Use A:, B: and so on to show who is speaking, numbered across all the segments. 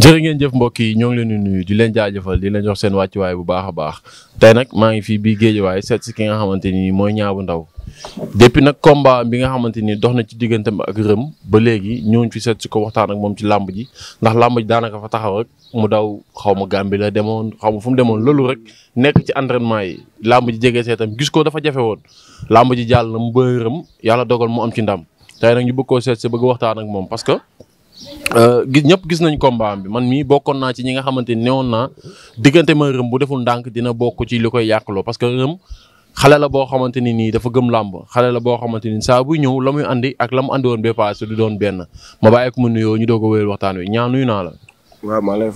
A: jërë ngeen jëf mbokk yi ñoo ngi leen di nuyu di leen jaajëfal di leen jox seen wàccuwaay bu baax a baax tey nag maa ngi fii bii géejewaay seet si ki nga xamante ni mooy Niang bu Ndaw depuis nag combat bi nga xamante ni dox na ci digganteem ak Reum ba léegi ñooñu fi seet si ko waxtaan ak moom ci làmb ji ndax làmb ji daanaka fa taxaw rek mu daw xaw ma Gàmbi la demoon xaw ma fu mu demoon loolu rek nekk ci entraînement yi làmb ji jege seetam gis ko dafa jafe woon làmb ji jàll na mu bëri rëm yàlla dogal mu am ci ndam tey nag ñu bëgg seet si bëgg waxtaan ak moom parce que Euh, gis ñëpp gis nañ combat bi man mii bokkoon naa ci ñi nga xamante ni newoon naa diggante ma rëm bu deful ndànk dina bokk ci li koy yàqloo parce que rëm xale la boo xamante ni nii dafa gëm làmb xale la boo xamante ni saa buy ñëw la muy andi ak la mu andi woon bee paase du doon benn ma bàyyi ko mu nuyoo ñu doo a wéyal waxtaan wi ñaa nuyu naa la.
B: waaw maa lay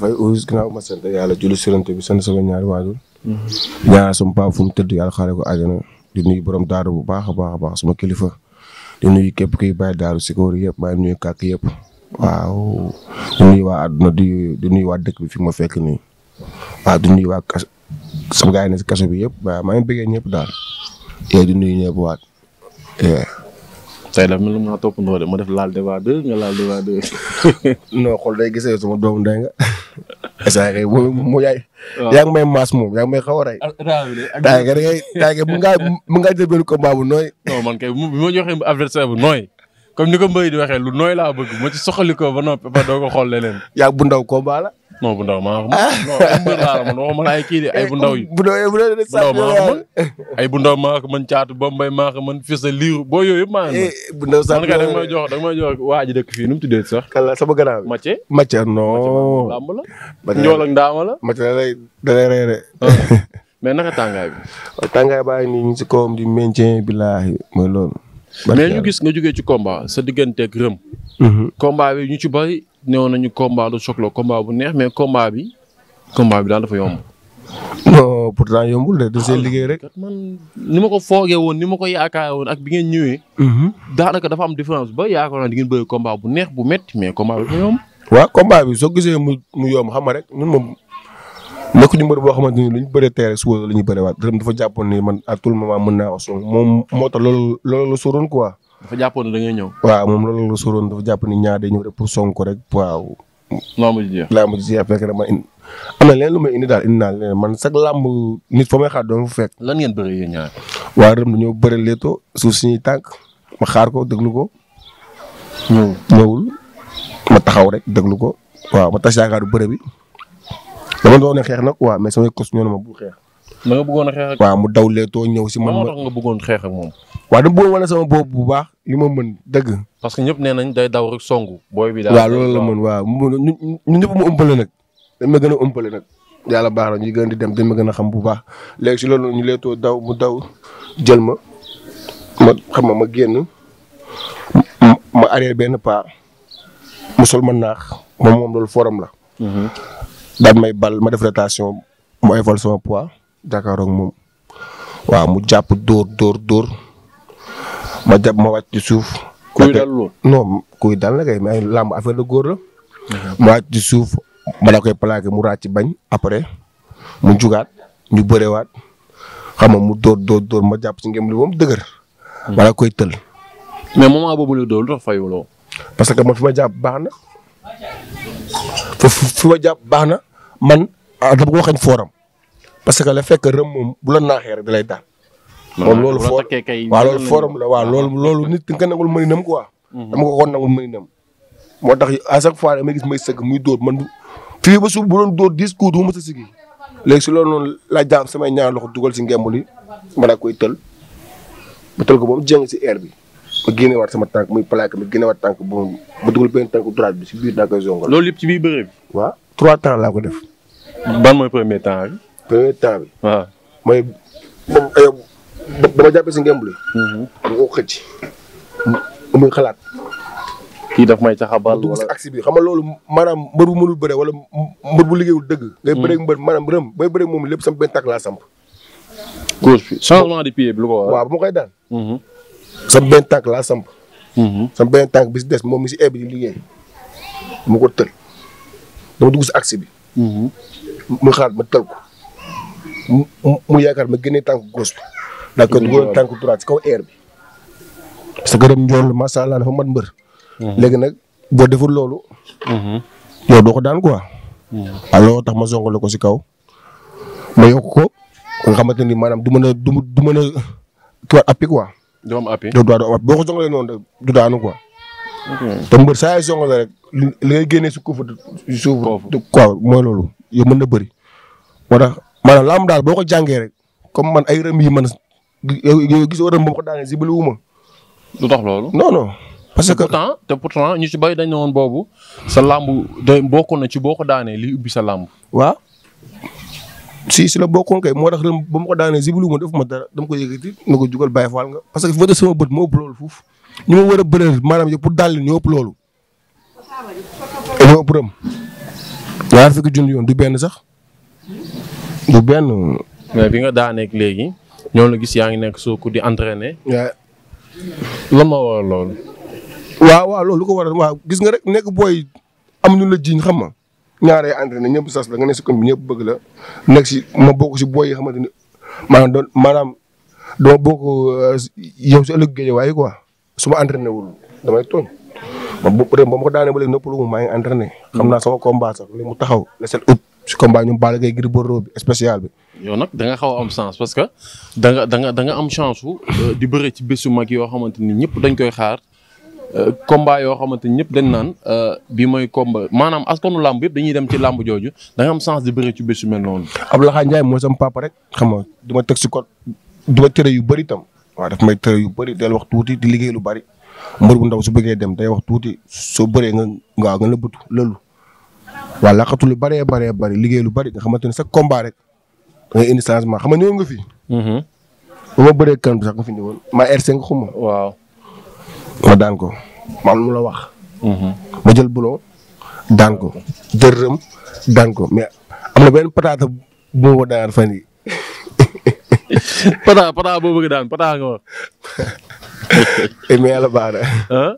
B: ma sant yàlla julli sërante bi sant sama ñaari waajur. Mm-hmm. ñaanal sama paa fu mu tëdd yàlla xaare ko àjjana di nuyu borom daaru bu baax a baax a baax sama kilifa di nuyu képp kuy bàyyi daaru si yëpp maa ngi nuyu kàkk yëpp waaw di waa àdduna di di nuyu waa dëkk bi fi ma fekk nii waaw di waa kas sama gars si kaso bi yëpp maa ngi bëggee ñëpp daal eh, di nuyu ñëpp waat. Eh. tey de ma def laal débat deux nga laal débat deux. non xool day gisee sama doomu ndey nga. esaay kay boobu mu a rey.
A: Ah, taay nga da ngay taay nga
B: mu benn combat bu nooy.
A: non man kay bi ma joxee nooy. comme ni ko Mbaye di waxee lu nooy laa bëgg ma ci ko ba noppi ba doo ko xool
B: yaa bu ndaw combat la.
A: non bu ndaw maa man waxuma kii de ay bu ndaw yi. bu ndaw bu man ay bu ndaw maa man caatu bombay maa ko man fii sa liiru boo yooyu yëpp eh, bu ndaw sax man kay da nga jox da nga may jox waa ji dëkk fii mu tuddee sax. kala sama gannaaw bi Mathieu.
B: Mathieu non.
A: làmb la. njool reere ah. mais naka tàngaay bi. tàngaay baa ngi
B: ñu si kawam di maintien billaahi mooy loolu mais ñu gis
A: nga jógee ci combat sa digganteeg rëm. Mhm. combat bi ñu ci bari néew nañu combat du choc la bu neex mais combat bi combat bi daal dafa yomb.
B: non pourtant yombul de da seen liggéey rek. man
A: ni ma ko foogee woon ni ma ko yaakaar woon ak bi ngeen ñëwee. Mhm. daanaka dafa am différence ba yaakaar naa di ngeen bëri combat bu neex bu metti mais combat bi dafa yomb.
B: waaw combat bi soo gisee mu mu yomb xam rek ñun moom nekkuñu mbër boo xamante ni lu ñu bëree teere suba la ñu bëri waat dërëm dafa jàppoon ni man à tout moment mën moom moo tax loolu loolu la sóoroon quoi.
A: dafa jàppoon ne ngay ñëw. waaw
B: moom loolu la sóoroon dafa jàpp ni ñaar day ñëw ko rek waaw.
A: làmb ji jeex làmb ji ma indi.
B: am na leen lu may indi daal indi man sax làmb
A: nit fa may xaar doo lan ngeen bëri yéen ñaar.
B: waa dërëm dañoo bëri leeto suuf suñuy tànk ma xaar ko déglu ko. ñëwul ma taxaw rek déglu ko waaw ma tas yaakaar bëre bi dama doon xeex nag waaw mais samay kos ñoo ne ma bu
A: xeex. da nga bëggoon a xeex ak. waaw
B: mu daw leetoo ñëw si man ma
A: bëggoon xeex ak moom.
B: waaw dama bëggoon wane sama bopp bu baax li ma mën dëgg.
A: parce que ñëpp nee nañ day daw rek songu. booy bi daal waaw loolu la mën
B: waaw ñun ñun ñëpp mu ëmpale nag. dañ ma gën a ëmpale nag. yàlla baax na ñuy gën di dem dañ ma gën a xam bu baax léegi si loolu ñu leetoo daw mu daw jël ma ma xam ma ma génn ma arrière benn pas mu sol ma naax moom moom loolu forum la. Mm-hmm. daal may bal ma def rotation mu évolué sama poids jàkkaaroog moom waaw mu jàpp dóor dóor dóor ma jàpp ma wàcc ci suuf. kuy dal dal kay mais làmb affaire góor la. ma wàcc suuf ma koy plaqué mu ràcc bañ après mu jugaat ñu bërewaat xam nga mu dóor dóor dóor ma jàpp si ngëm li moom dëgër. ma daa koy tël.
A: mais moment boobu la dóor lu tax que man fi ma jàpp baax na.
B: fi ma jàpp baax na man a ah, dama ko xañ fooram parce que la fekk rëm moom bu la naaxee rek da lay daal. moom loolu foor waaw loolu fooram la waaw loolu loolu nit nga nangul mëninam quoi. Mhm. dama ko ko nangul mëninam. moo tax à chaque fois damay gis may sëgg muy dóor man fii ba suuf bu doon dóor dix coups du ma sa sigi si loolu noonu laa jaam samay ñaar loxo dugal si ngemb li ma koy tël ba tël ko ba si air bi ma génneewaat sama tànk muy plaque ma génneewaat tànk bu ma dugal benn tànk bi si biir daa koy loolu yëpp ci biir bëre bi waaw. trois temps laa ko def. ban mooy premier temps bi. premier si ngemb
A: mm-hmm. ko xëcc. muy xalaat. kii daf may caxabal wala dugg
B: bi xam nga loolu maanaam mbër bu mënul bëre wala mbër bu liggéeyul dëgg. Mm-hmm. ngay bëreeg mbër maanaam rëm bay bëreeg moom lépp sama benn tànk laa samp.
A: gauche de pied bi koy daan. Mm-hmm. sama benn
B: laa samp. sama benn tànk bi si des moom mi si air bi liggéey mu ko tël. dama dugg si axe bi. muy xalaat ma tal ko. mu mu yaakaar ma génnee tànk gauche bi. daa koy dugal tànk droite ci kaw air bi. parce que ren njool macha allah dafa mat mbër. léegi nag boo deful loolu. yow doo ko daan quoi. waaw looloo tax ma songale ko si kaw. ma yokk ko nga xamante ni maanaam du mën a du du mën a kiwaat appui quoi.
A: du am appui doo doo am appui
B: boo ko songalee noonu du daanu quoi. te mm. mbër saa yu song la rek li ngay génnee si kuufu suuf. koofu quoi mooy loolu yow mën na bëri. moo tax maanaam làmb daal boo ko jàngee rek comme man ay rëm yi man yow gisoo rëm ba ma ko daanee si bëriwuma. lu
A: loolu. non non. parce que pourtant te pourtant ñu si béy dañ ne boobu sa làmb day bokkoon na ci boo ko daanee li ubbi sa làmb. waaw
B: si si la bokkoon kay moo tax rëm ba ma ko daanee si bëriwuma defuma dara dama ko yëkkati na ko jugal bàyyi faal nga parce que fi ma sama bët moo ëpp loolu foofu. ñu ma war a bëreel maanaam yëpp pour daal leen ñoo ëpp loolu. ñoo ñaar fukki junni yoon du benn sax du benn. mais
A: bi nga daaneeg léegi ñoo la gis yaa ngi nekk soo di entraîner.
B: lan
A: ma waral loolu.
B: waaw loolu ko waral waaw gis nga rek nekk booy am ñu la jiiñ xam ma ñaaree entraîné ñëpp sas la nga ne si commune bi ñëpp bëgg la nekk ma bokk si booy yi xamante ni maanaam doon maanaam dama bokk euh, yow si ëllëg géej waaye quoi. su ma entraîné damay tooñ man bu ren ba ma ko daanee ba léegi noppalu ma maa ngi entraîné. xam naa sama combat sax li mu taxaw le sept août. si combat ñu Balla Gaye Gris bi spécial bi.
A: da nga xaw am chance parce que da nga da nga da am chance su euh, di bëre ci bésu mag yoo xamante ni ñëpp dañ koy xaar. Euh, combat yoo xamante ni ñëpp dañ naan euh, bi mooy combat maanaam askanu làmb yëpp dañuy dem ci làmb jooju da am chance di bëre ci bésu mel noonu.
B: Abdoulaye Ndiaye mooy sama papa rek xam nga duma teg si code duma tere yu bëri tam waa daf may tëral yu
A: bëri del wax tuuti di liggéey lu
B: bëri mbër bu ndaw su bëggee dem day wax tuuti soo bëree nga waaw nga nëbbatu lëlu waaw laqatu lu bëree bëree bëri liggéey lu bëri nga xamante ne sa combat rek da ngay indi changement xam nga ñëwoon nga fi. Mm-hmm. ba ma bëree kan bi sax nga fi ñëwoon ma R5 xuma. waaw. ma daan ko ma am lu la wax. Mm-hmm. ma jël bulon daan ko jërëm daan ko mais am na benn pataata bu ma woo daan fan yi
A: pata pata boo bëgg daan pata nga wax.
B: mais yàlla baax na. ah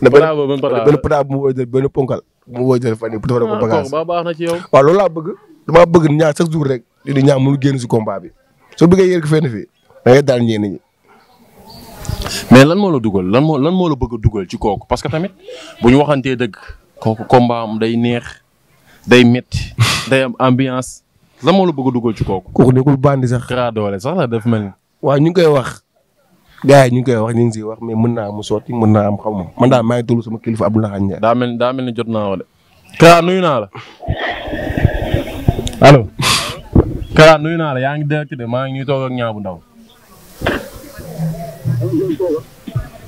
B: pata boobu benn pata benn pata bu mu wóor benn ponkal mu wóor fan yii pour defal ko ah, bagage.
A: baax na ci yow.
B: waaw loolu laa bëgg damaa bëgg ñaar chaque jour rek di ñaar mënu génn si combat bi
A: soo bëggee yéer ko fenn fii da daal ñenn ñi. mais lan moo la dugal lan moo lan moo la bëgg a dugal ci kooku parce que tamit bu ñu waxantee dëgg kooku combat day neex day métti day ambiance. lan moo la bëgg a dugal ci kooku.
B: kooku nekkul bandi sax. Kara
A: Dollé sax la def mel ni.
B: waaw ñu ngi koy wax. gars yi ñu ngi koy wax ñu ngi siy wax mais mën naa am sotti mën naa am xaw ma man daal maa ngi tudd sama kilifa Abdoulaye Ndiaye.
A: daa mel ni jot naa wala. naa la. allo. Kara nuyu la yaa ngi direct de maa ngi ñuy toog ak Niang Bou Ndaw.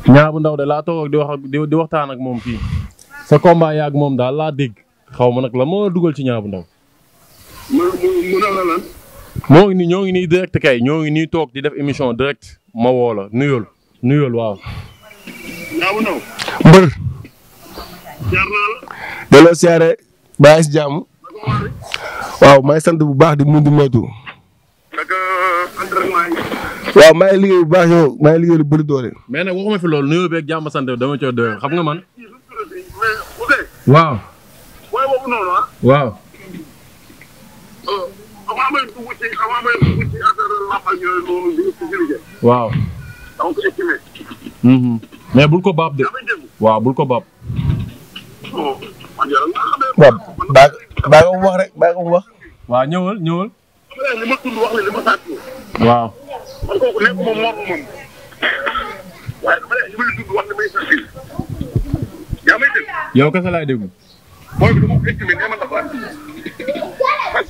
A: Ndaw de laa toog di wax di waxtaan ak moom fii. sa combat yaag moom daal laa dégg xaw ma nag la moo dugal ci Niang Bou Ndaw. mu mu na moo ngi nii ñoo ngi nii direct kay ñoo ngi nii toog di def émission direct ma woo nuyool nuyool waaw.
B: mbër. jaar siyaare bàyyi si waaw may sant bu baax di mun ma moytu. ak entraînement yi. waaw maa liggéey bu baax yow maa ngi liggéey lu bëri doole.
A: mais nag waxuma fi loolu nuyoo beeg jàmm sant dama cooy xam nga man. waaw.
C: Ah? waaw. avant may waaw. dama ko
A: mm-hmm. bul ko baab de. waaw bul ko baab. waaw baa waaw ñëwal ñëwal. waaw.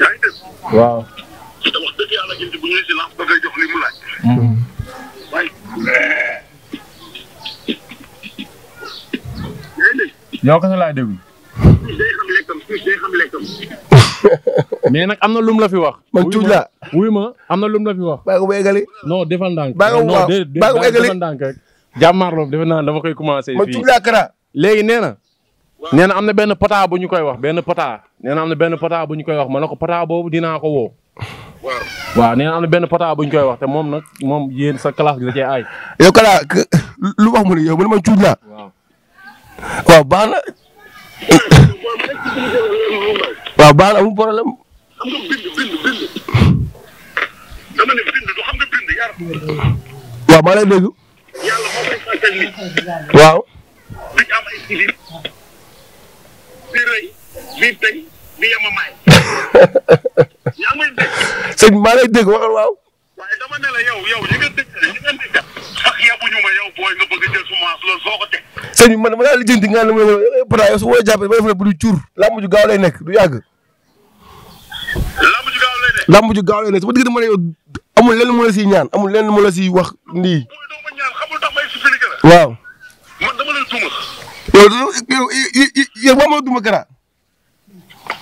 C: yaa ngi dégg. waaw. te wax dëgg yàlla gis bu ñu si lamb da koy jox li mu laaj. Hmm. waaye. yaa ngi dégg.
A: yow kese laay déglu.
C: day xam lekkam day xam lekkam.
A: mais nag am na lum la fi wax. man tuuti la wuy ma am na lum la fi wax. baa ko ba eggali. non defal ndànk. baa ko waaw baa ko eggali non déedéet defal ndànk rek. jàmmaarloo defe naa dama koy commencé. fii man tuuti la Kara. léegi nee na. nee na am na benn pota bu ñu koy wax benn pota nee am na benn pota bu ñu koy wax ma ne ko pota boobu dinaa ko woo. waaw waaw am na benn pota bu ñu koy wax te moom nag moom yéen sa classe bi da cee aay. lu wax mu ne yow ma cuuj na. waaw baax
B: waaw maa lay dégg. yàlla moo waaw.
C: bii tey bii yama maay.
B: yaa ngi may dégg. sëñ maa lay dégg waxal waaw. waaye dama ne la yow yow yi nga
C: dégg yi nga dégg ak yabuñu ma yow booy nga bëgg a jël semence
B: loolu foo ko teg. sëñ bi man dama daal di jënd nga ne ma yow Pata yow su ma la jàppee ba def na bu du cuur làmb ju gaaw lay nekk du yàgg. làmb ju gaaw lay nekk. làmb ju gaaw lay nekk su ma diggante ma ne yow amul lenn mu la siy ñaan amul lenn mu la siy wax nii. waaw.
C: man dama lay duma.
B: yow yow yow boo ma duma Kara.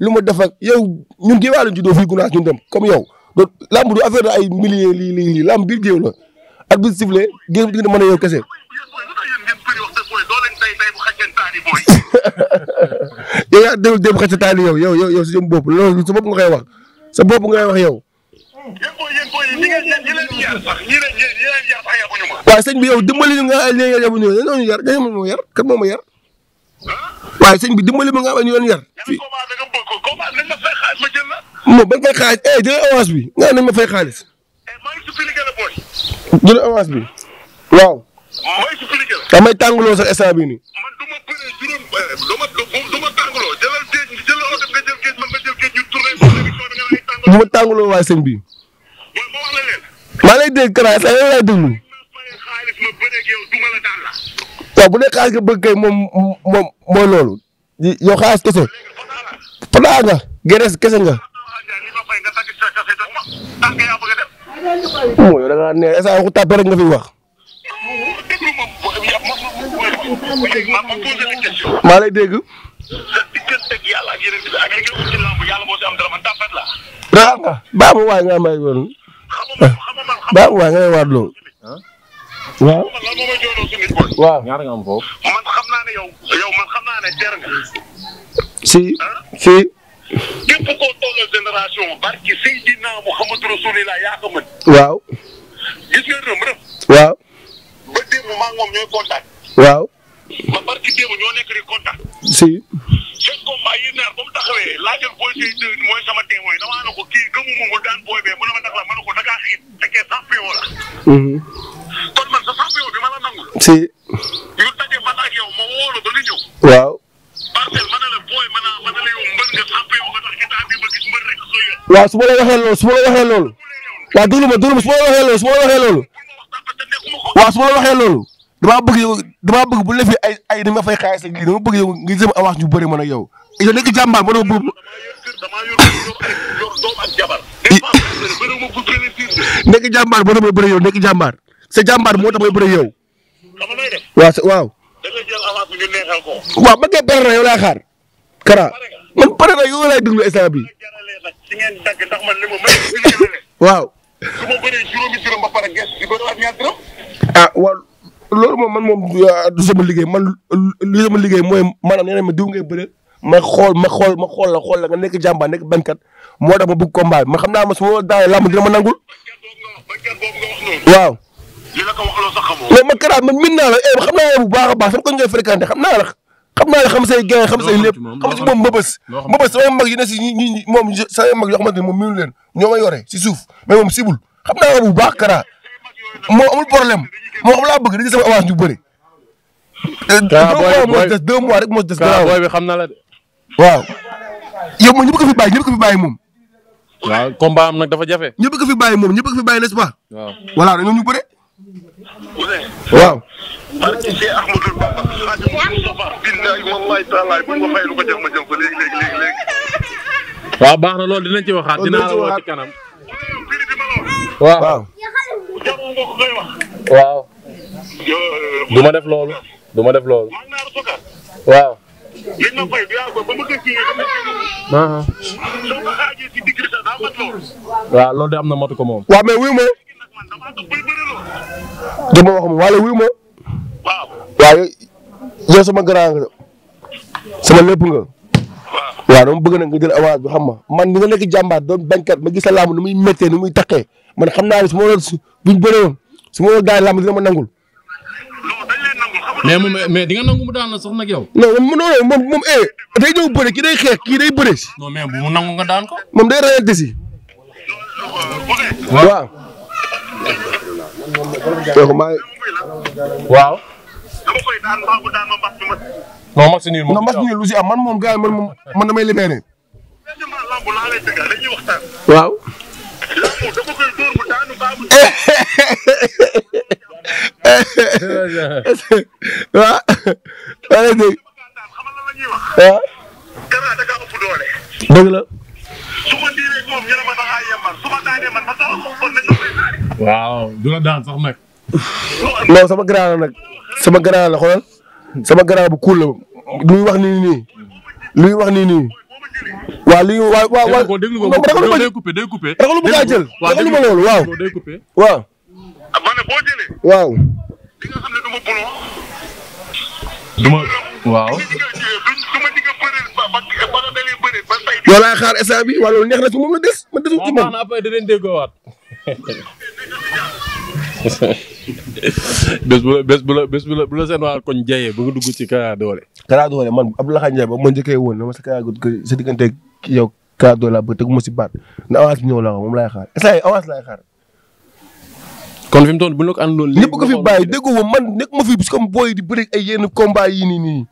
B: lu ma def ak yow ñun géewaa la juddoo fii gunaas ñun dem comme yow donc làmb du affaire ay milliers lii lii lii làmb biir géew la at bi sifflé di mën a yow kese. yow yaa déglu démb xaj sa yow yow yow si jëm bopp loolu sa bopp nga koy wax sa bopp nga koy wax yow. waaye sëñ bi yow dimbali ñu nga xam ne yar moo ma yar. sëñ bi dimbali ma xaalis ma jël la. non bañ fay xaalis eh jël avance bi nga ne ma fay xaalis. Eh, maa ngi suppliqué la booy. jël avance bi waaw. maa ngi suppliqué la. damay tàngaloo sax instant bii nii. man du ma bëree juróom eh, du ma du ma tàngaloo jëlal géej gi jëlal oto nga jël géej man nga jël géej ñu tourné émission bi nga lay tàngaloo. du ma tàngaloo waaye sëñ bi. mooy ma wax la leen. maa lay dégg Kara sa yow laay déglu. waaw bu dee xaalis nga bëgg kay moom moom mooy loolu yow xaalis kese Fada nga. gerte kese nga. mooy wax. maa lay dégg. raxal nga nga may woon baa mu nga may waat loolu.
A: si si.
C: képp koo tollal génération barki Seydina Muhammad
B: Rasulillah yaa ko mën. waaw. waaw. waaw. ñoo nekk di contact. si. seen combat yi neex ba mu taxawee ko kii gëmuma mu daan booy ko da ngaa mhm. si. waaw. parcelle ma ne la booy ma naa ma ne la yow mbër nga champion nga tax état bi ma gis mbër rek soo yor. waaw su ma la waxee loolu su ma la waxee loolu. waaw déglu ma déglu ma su ma la waxee loolu su ma la waxee loolu. waaw su ma la waxee loolu. damaa bëgg yow damaa bëgg bu la fi ay ay ni ma fay xaalis ak lii dama bëgg yow nga jëm avance ñu bëri man ak yow. yow nekk jàmbaar ma ne ma bëgg. nekk jàmbaar ma ne ma bëri yow nekk jàmbaar sa jàmbaar moo tax may bëri yow. waaw waaw. da ngay
C: jël avance bi ñu neexal ko.
B: waaw ba ngay pare na yow laa xaar. Kara man pare na yow laay déglu instant bi si ngeen dagg ndax man li ma mën waaw.
C: su ma bëree juróomi juróom ba pare gees di bëriwaat ñaar dërëm.
B: ah waaw loolu moom man moom ah, du sama liggéey man li sama liggéey mooy maanaam nee na ma diw ngay bëre ma xool ma xool ma xool la xool la nga nekk jàmbaar nekk bankat moo tax ma bëgg combat bi ma xam naa ma su ma daawee làmb dina ma nangul. waaw. li la ko wax loo sax Kara man min la eh xam naa la bu baax a baax sama ko ngay fréquenté xam naa la xam naa la xam say gain xam say moom mbëbës mbëbës sama mag yi ne si ñi moom sama mag yoo xamante moom miinu ñoo ma yore si suuf mais moom sibul xam na la bu baax Kara moo amul problème moo xam laa bëgg dañuy sama avance ñu bëri. kaa booy des deux mois rek moo des. kaa
A: booy bi xam na la de. waaw yow moom ñëpp ko fi bàyyi ñëpp ko fi bàyyi moom. waaw combat am nag dafa jafe. ñëpp ko fi bàyyi moom ñëpp ko fi bàyyi waaw.
C: barke Cheikh Ahmadou Bamba ñu
A: baax na loolu dinañ ci waxaat dinaa la kanam. waaw waaw. du ma def lool du ma def loolu. waaw. waaw loolu de am na matu ko moom. waaw mais wuyu ma. dama
B: wax ma wala wuy ma. waaw waaye yow sama grand nga sama lépp nga. waaw bëgg nag nga jël avance bi xam ma man ni nga nekk jàmbaar doon bañkat ma gis la làmb nu muy méttee muy taqee man xam naa ne su ma doon buñ bëree
A: mais di nga nangu mu daan la sax nag yow.
B: non moom moom eh day ñëw bëre kii day xeex kii day bëre si. day rayante si. Euh, waaw. kooku maa waaw. non match nul moom match nul lu si am ah, man moom gars yi man moom man damay libéré. waaw. waaw.
C: waaw.
A: dëgg la. waaw du la daan sax nag.
B: non sama grand nag sama grand la xoolal sama grand bu kuul lu wax nii nii lu wax ni nii. waa li ñu waaw waaw waaw day coupé
A: day coupé. Ah, ma kaa jël ragalu ma waaw.
B: waaw. ma xaar instant bi wala neex na ci moom la des. ma desul
A: ci moom bés bu la bés bu la bés bu la seen waa koñ jayee ba nga dugg ci Kara Dollé. Kara Dollé man
B: Abdoulaye Ndiaye ba ma njëkkee woon sa diggante yow Kara Dollé laa bëgg tegu ma si baat na avance bi ñëw moom laay xaar
A: instant yii avance laay xaar. kon fi mu toll bu ñu la ko àndaloon. léegi ko
B: fi bàyyi nekk ma fi comme booy di bëri ay yenn combat yii nii nii.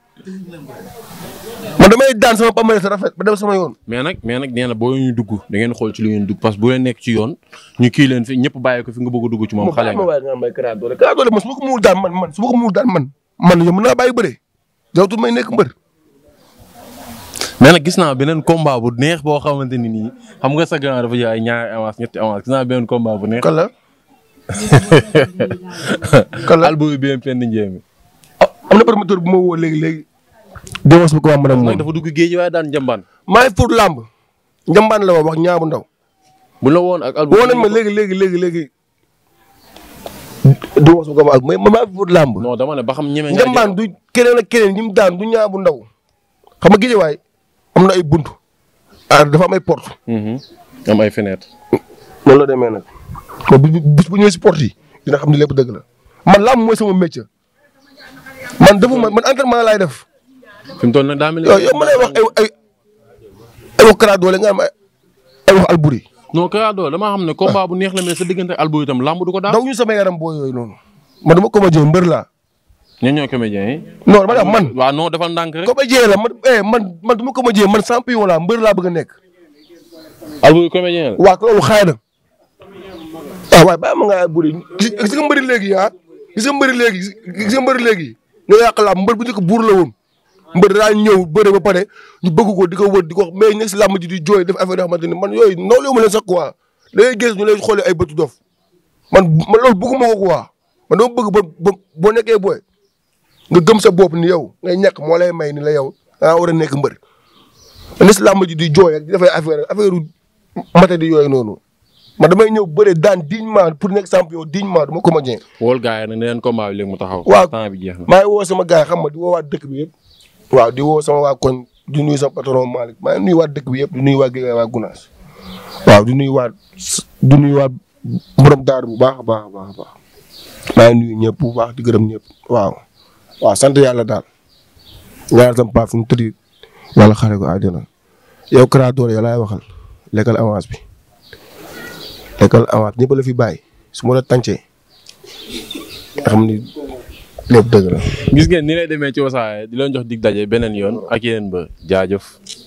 B: man damay daan sama pamale sa rafet ba dem sama yoon.
A: mais nag mais nag nee na boo ñu dugg da ngeen xool ci li ngeen dugg parce que bu leen nekk ci yoon ñu kii leen fi ñëpp bàyyi ko fi nga bëgg a dugg ci moom. xale nga ma
B: waaye nga may Kara Dollé Kara Dollé man su ma ko muul daan man man su ma ko muul daan man man yow mën naa bàyyi bëre jawtul may nekk mbër.
A: mais nag gis naa beneen combat bu neex boo xamante ni nii xam nga sa grand dafa jaay ñaari avance ñetti avance gis naa beneen combat bu neex. kan la kan la Alboury BMP Ndiémi. ah am na promoteur bu ma woo léegi léegi déggoo su ma ko wax ma dem dafa
B: dugg géej waaye daan njambaan. maa ngi pour làmb njambaan la wax ñaa ndaw. bu woon ak album woo nañ ma léegi léegi léegi léegi. déggoo su ma maa làmb. non dama ne ba xam ñeme njambaan du keneen ak keneen ñi mu daan du ñaa bu ndaw. xam nga géej waay am na ay bunt a ah, dafa am ay porte. Mhm. am ay fenêtre. loolu la demee nag. kon bis bu ñëwee si porte yi dina xam lépp dëgg la man làmb mooy sama métier man defuma man laay def.
A: fi mu toll nag ma lay wax ay ay nga am ay wax Alboury. non Kara Dollé damaa xam ne combat bu neex la mais sa diggante ak Alboury itam lamb ko daal. daw ñu sama yaram booy yooyu noonu.
B: man dama comédien
A: mbër laa. ñooñu ñoo comédien dafa ndànk rek. comédien
B: eh, man man man du ma comédien man champion laa mbër laa bëgg a nekk.
A: Alboury comédien la. waaw
B: loolu xaay eh, waaye bàyyi ma nga Alboury gis nga mbëri léegi ah gis nga mbëri léegi gis nga mbëri léegi ñoo yàq làmb mbër bu njëkk buur la woon mbër daan ñëw bëre ba pare ñu bëgg ko di ko wër di ko wax mais nekk si làmb ji di jooy def affaire yoo xamante ni man yooyu noonu ma leen sax quoi da ngay gis ñu lay xoolee ay bëtu dof man man loolu bëgguma ko quoi man dama bëgg ba boo nekkee booy nga gëm sa bopp ni yow ngay ñàkk moo lay may ni la yow dangaa war a nekk mbër nekk si làmb ji di jooy ak di defay affaire affaire mate di yooyu noonu man damay ñëw bëre daan dignement pour nekk champion dignement dama comédien.
A: wool gars yi nag ne leen combat bi léegi mu taxaw. temps bi jeex na waaw maa
B: ngi woo sama gars yi xam nga di woowaat dëkk bi yëpp waaw di woo sama waa koñ di nuyu sama patron Malick maa ngi nuyu waa dëkk bi yëpp di nuyu waa Guèye waa Gunaas waaw di nuyu waa di nuyu waa borom bu baax a baax a baax a maa ngi nuyu ñëpp bu baax di gërëm ñëpp waaw. waaw sant yàlla daal ñaanal sama paa fu mu tëdd yàlla xare ko àjjana yow Kara Dollé laay waxal lekkal avance bi lekkal avance ñëpp la fi bàyyi su ma la tàncee xam lépp dëgg la.
A: gis ngeen ni lay demee ci wasaare di leen jox dig daje beneen yoon ak yeneen ba jaajëf.